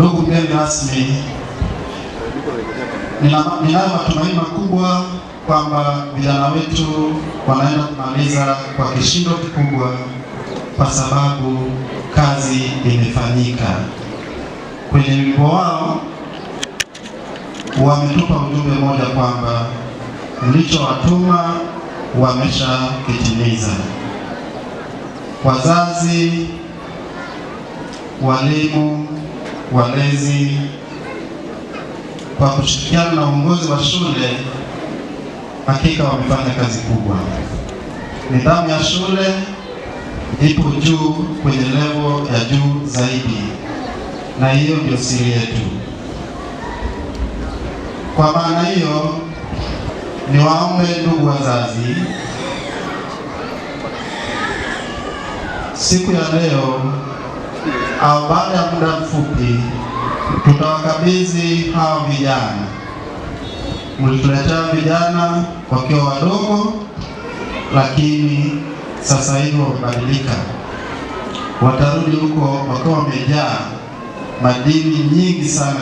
Ndugu mgeni rasmi, ninayo matumaini makubwa kwamba vijana wetu wanaenda kumaliza kwa kishindo kikubwa, kwa sababu kazi imefanyika. Kwenye wimbo wao wametupa ujumbe mmoja kwamba mlichowatuma wameshakitimiza. Wazazi, walimu walezi kwa kushirikiana na uongozi wa shule, hakika wamefanya kazi kubwa. Nidhamu ya shule ipo juu kwenye levo ya juu zaidi, na hiyo ndio siri yetu. Kwa maana hiyo, niwaombe ndugu wazazi, siku ya leo au baada ya muda mfupi tutawakabidhi hawa vijana. Mlituletea vijana wakiwa wadogo, lakini sasa hivi wamebadilika, watarudi huko wakiwa wamejaa madini nyingi sana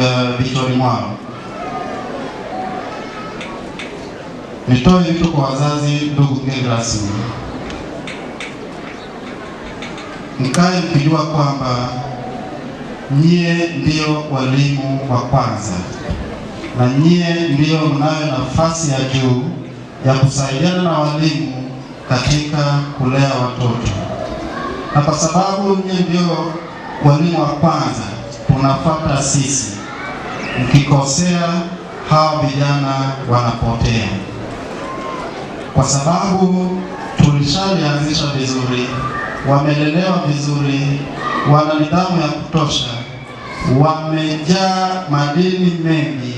eh, vichwani mwao. Nitoe wito kwa wazazi, ndugu mgeni rasmi mkae mkijua kwamba nyie ndiyo walimu wa kwanza na nyie ndiyo mnayo nafasi ya juu ya kusaidiana na walimu katika kulea watoto, na kwa sababu nyie ndiyo walimu wa kwanza, tunafuata sisi. Mkikosea, hao vijana wanapotea, kwa sababu tulishalianzisha vizuri wamelelewa vizuri, wana nidhamu ya kutosha, wamejaa madini mengi.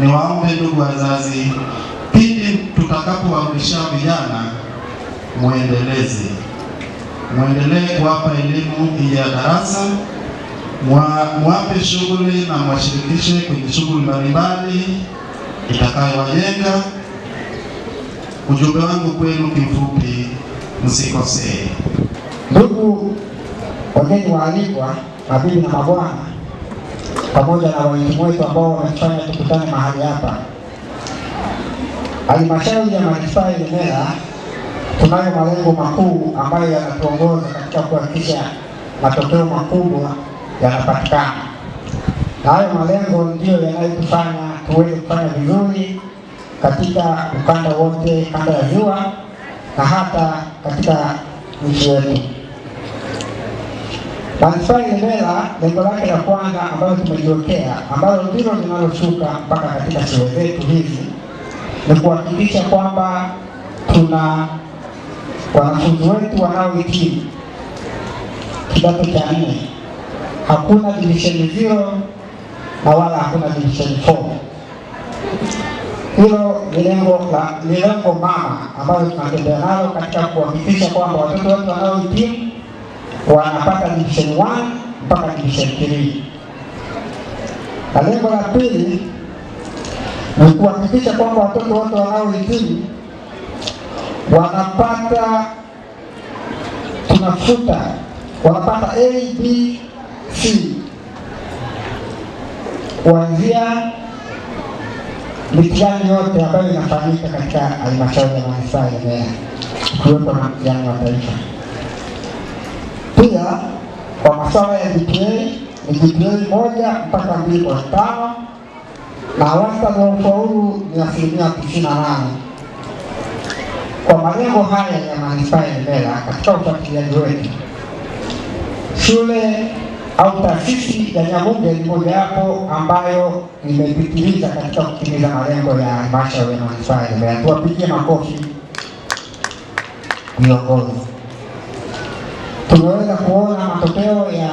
Niwaombe ndugu wazazi, pindi tutakapowarudisha vijana, mwendeleze mwendelee kuwapa elimu ya darasa, mwape shughuli na mwashirikishe kwenye shughuli mbalimbali itakayowajenga. Ujumbe wangu kwenu kifupi, msikosee. Ndugu wageni waalikwa, mabibi na mabwana, pamoja na wahitimu wetu ambao wamefanya tukutane mahali hapa. Halmashauri ya Manispaa ya Ilemela tunayo malengo makuu ambayo yanatuongoza katika kuhakikisha matokeo makubwa yanapatikana, na hayo malengo ndiyo yanayotufanya tuweze kufanya vizuri katika ukanda wote, kanda ya Ziwa na hata katika nchi yetu. Answari Mbela, lengo lake la kwanza ambalo tumejiwekea, ambalo ndilo linaloshuka mpaka katika shule zetu hizi ni kuhakikisha kwamba tuna wanafunzi wetu wanaohitimu kidato cha nne, hakuna divisheni zero na wala hakuna divisheni four. Hilo ni lengo mama ambalo tunatembea nalo katika kuhakikisha kwamba watoto wetu wanaohitimu wanapata division 1 mpaka division 3. Na lengo la pili ni kuhakikisha kwamba watoto wote wanaohitimu wanapata tunafuta wanapata A, B, C kuanzia mitihani yote ambayo inafanyika katika halmashauri ya manispaa ya Mbeya, ikiwepo na mtihani wa taifa. Pia kwa masuala ya GPA ni GPA moja mpaka mbili kwa tano na wastani wa ufaulu ni asilimia tisini na nane. Kwa malengo haya ya manispaa ya Ilemela, katika ufuatiliaji wetu, shule au taasisi ya Nyamunge ni mojawapo ambayo imepitiliza katika kutimiza malengo ya halmashauri ya manispaa ya Ilemela. Tuwapigie makofi viongozi tunaweza kuona matokeo ya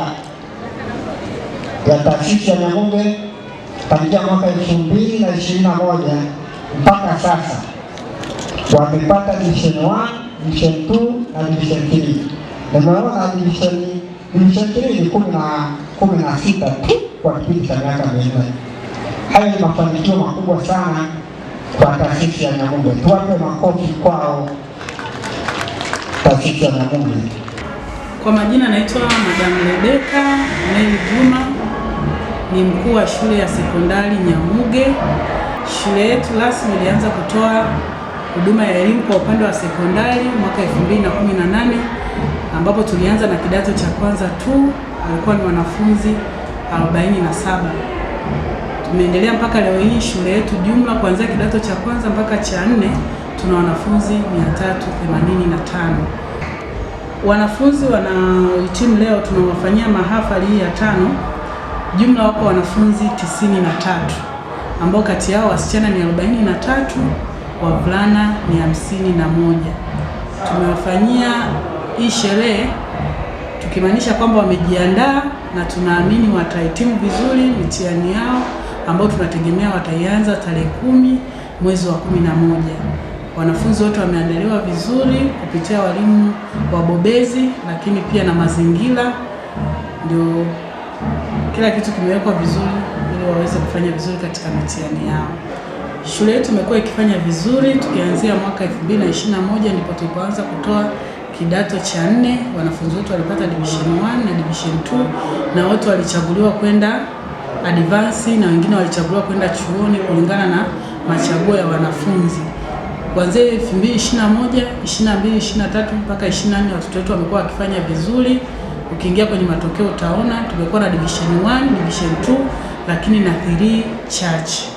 ya taasisi ya Nyang'humbe tangia mwaka elfu mbili na ishirini na moja mpaka sasa wamepata division 1, division 2 na division 3. Nimeona division division 3 ni kumi na sita tu kwa kipindi cha miaka minne. Hayo ni mafanikio makubwa sana kwa taasisi ya Nyang'humbe, tuwape makofi kwao, taasisi ya Nyang'humbe. Kwa majina naitwa Madam Rebeka Mary Juma, ni mkuu wa shule ya sekondari Nyamuge. Shule yetu rasmi ilianza kutoa huduma ya elimu kwa upande wa sekondari mwaka 2018 ambapo tulianza na kidato cha kwanza tu, walikuwa ni wanafunzi 47. Tumeendelea mpaka leo hii. Shule yetu jumla kuanzia kidato cha kwanza mpaka cha nne tuna wanafunzi 385. Wanafunzi wanaohitimu leo tunawafanyia mahafali hii ya tano. Jumla wako wanafunzi tatu ambao kati yao wasichana ni tatu wavulana ni na moja Tumewafanyia hii sherehe tukimaanisha kwamba wamejiandaa na tunaamini watahitimu vizuri mitihani yao ambao tunategemea wataianza tarehe kumi mwezi wa kumi na moja. Wanafunzi wote wameandaliwa vizuri kupitia walimu wabobezi, lakini pia na mazingira, ndio kila kitu kimewekwa vizuri ili waweze kufanya vizuri katika mitihani yao. Shule yetu imekuwa ikifanya vizuri tukianzia mwaka 2021 ndipo tulipoanza kutoa kidato cha nne. Wanafunzi wetu walipata division 1 na division 2 na wote walichaguliwa kwenda advance na wengine walichaguliwa kwenda chuoni kulingana na machaguo ya wanafunzi kuanzia 2021, 22, 23 mpaka 24 watoto wetu wamekuwa wakifanya vizuri. Ukiingia kwenye matokeo utaona tumekuwa na division 1, division 2 lakini na 3 church.